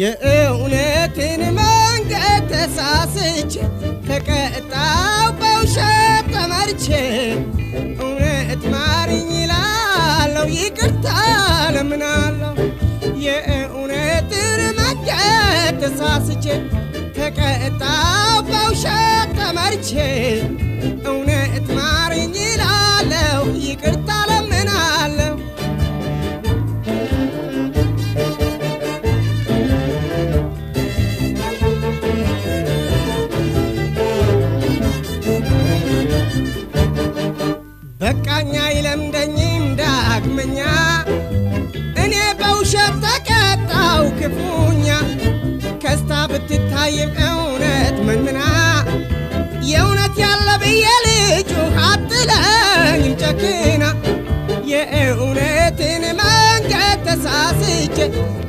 የእውነትን መንገድ ተሳስቼ ተቀጣው በውሸት ተመርቼ እውነት ማርኝ ይላለው ይቅርታ ለምናለው የእውነትን መንገድ ተሳስቼ ተቀጣው በውሸት ተመርቼ እውነት በቃኛ ይለምደኝም ዳግመኛ እኔ በውሸት ተቀጣው ክፉኛ ከስታ ብትታይም እውነት መንምና የእውነት ያለ ብዬ ልጩ አትለኝም ጨክና የእውነትን መንገድ ተሳስቼ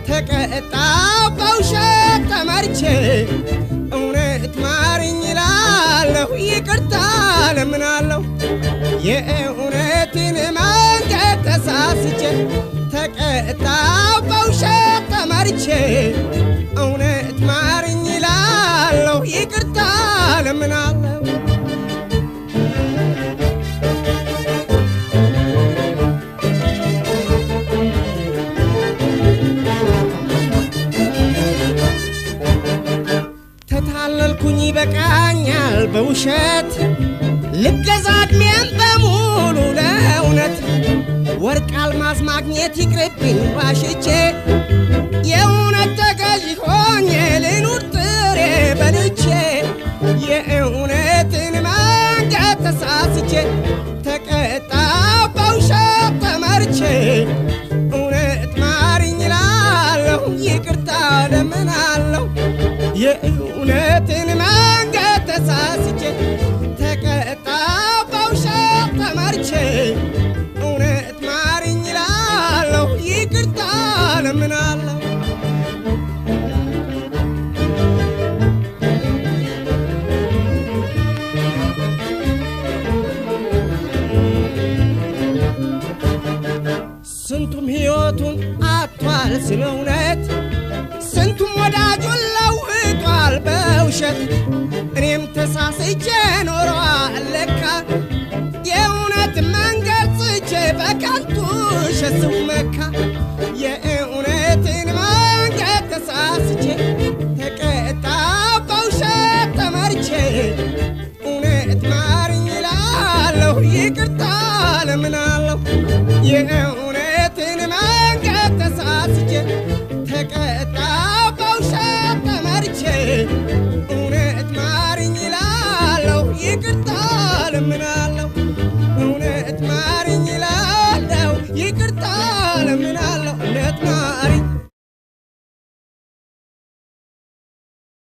ተቀጣው በውሸት ተመርቼ እውነት ማርኝ ይላለሁ ይቅርታ ለምናለሁ የእውነትን መንገድ ተሳስቼ ተቀጣው በውሸት ተመርቼ እውነት ማርኝ ይላለሁ ይቅርታ ለምናለሁ ተታለልኩኝ ይበቃኛል በውሸት ልገዛ ዕድሜን በሙሉ ለእውነት ወርቅ አልማዝ ማግኘት ይቅርብኝ ባሽቼ ስንቱም ሕይወቱን አጥቷል ስለ እውነት፣ ስንቱም ወዳጁን ለውጧል በውሸት። እኔም ተሳስቼ ኖረዋል የእውነትን